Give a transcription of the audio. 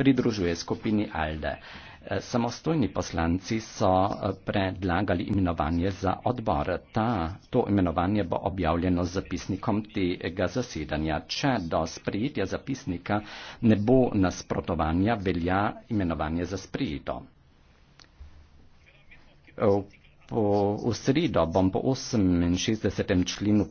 pridružuje skupini Alde. E, samostojni poslanci so e, predlagali imenovanje za odbor. Ta, to imenovanje bo objavljeno z zapisnikom tega zasedanja. Če do sprijetja zapisnika ne bo nasprotovanja, velja imenovanje za sprijeto. V sredo bom po 68. členu